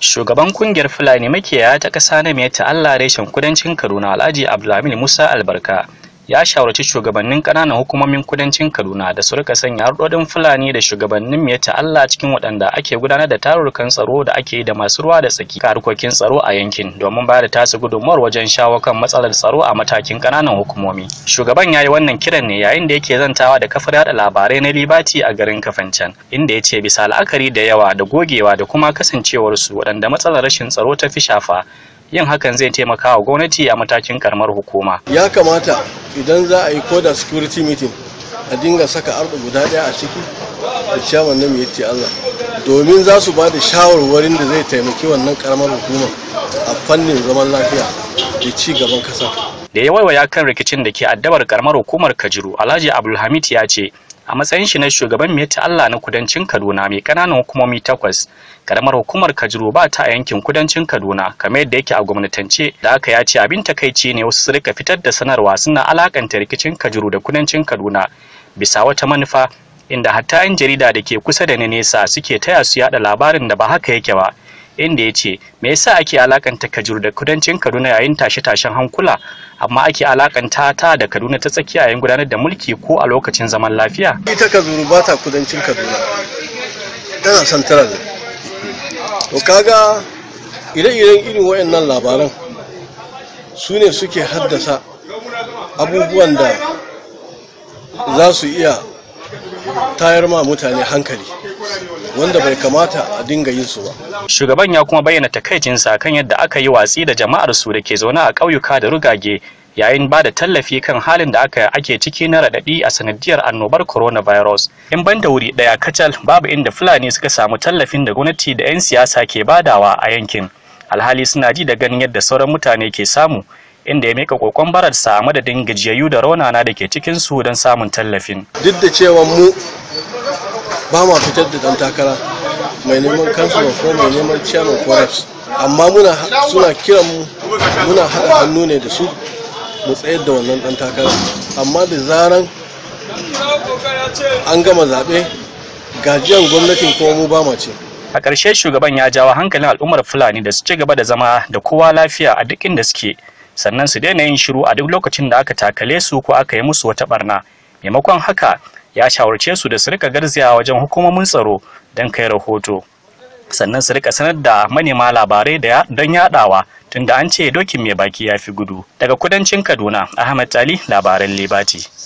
Shugaban kungiyar Fulani makiyaya ta ƙasa na ta Allah reshen kudancin Kaduna Alhaji Abdulhamid Musa Albarka ya shawarci shugabannin ƙananan hukumomin kudancin Kaduna da su rika sanya harɗoɗin Fulani da shugabannin mai Allah cikin waɗanda ake gudanar da tarurrukan tsaro da ake yi da masu ruwa da tsaki ka harkokin tsaro a yankin domin bayar da tasu gudunmuwar wajen shawo kan matsalar tsaro a matakin ƙananan hukumomi. Shugaban ya yi wannan kiran ne yayin da yake zantawa da kafar yaɗa labarai na Libati a garin Kafancan inda ya ce bisa la'akari da yawa da gogewa da kuma kasancewarsu waɗanda matsalar rashin tsaro ta fi shafa yin hakan zai taimaka wa gwamnati a matakin karamar hukuma ya kamata idan za a yi koda security meeting a dinga saka ardu guda ɗaya a ciki da ciyaman nan yace Allah domin za su ba da shawarwarin da zai taimaki wannan karamar hukuma a fannin zaman lafiya da ci gaban ƙasa. da ya waiwaya kan rikicin da ke addabar karamar hukumar Kajiru Alhaji Abdulhamid ya ce a matsayin shi na shugaban mai Allah na kudancin Kaduna mai kananan hukumomi takwas karamar hukumar Kajiru ba ta a yankin kudancin Kaduna kamar yadda yake a gwamnatance da aka ya ce abin takaici ne wasu su rika fitar da sanarwa suna alakanta rikicin Kajiru da kudancin Kaduna bisa wata manufa inda hatta 'yan jarida da ke kusa da nesa suke taya su yada labarin da ba haka yake ba. inda ya ce me yasa ake alakanta kajuru da kudancin kaduna yayin tashe-tashen hankula amma ake alakanta ta da kaduna ta tsakiya yayin gudanar da mulki ko a lokacin zaman lafiya ita kajuru ba ta kudancin kaduna tana santaral to kaga ire-iren irin wayannan labaran su ne suke haddasa abubuwan da za su iya tayar ma mutane hankali wanda bai kamata a dinga yin su ba. Shugaban ya kuma bayyana takaicinsa kan yadda aka yi watsi da jama'ar su da ke zaune a ƙauyuka da rugage yayin ba da tallafi kan halin da aka ake ciki na raɗaɗi a sanadiyar annobar coronavirus. In ban da wuri ɗaya kacal babu inda Fulani suka samu tallafin da gwamnati da 'yan siyasa ke badawa a yankin. Alhali suna ji da ganin yadda sauran mutane ke samu inda ya mika kokon bararsa madadin gajiyayyu da raunana da ke su don samun tallafin duk da cewa mu ba ma fitar da dan takara mai neman kansila ko mai neman chairman forex amma muna suna kiran mu muna haɗa hannu ne da su mu tsayar da wannan dan takara amma da zaran an gama zaɓe gajiyan gwamnatin kuma mu ba ma ce a ƙarshe shugaban ya jawo hankalin al'ummar fulani da su ci gaba da zama da kowa lafiya a duk inda suke sannan su daina yin shiru a duk lokacin da aka takale su ko aka yi musu wata barna maimakon haka ya shawarce su da su rika garzaya wajen hukumomin tsaro don kai rahoto sannan su rika sanar da manema labarai da don yadawa tunda an ce dokin mai baki ya fi gudu daga kudancin kaduna ahmad ali labaran libati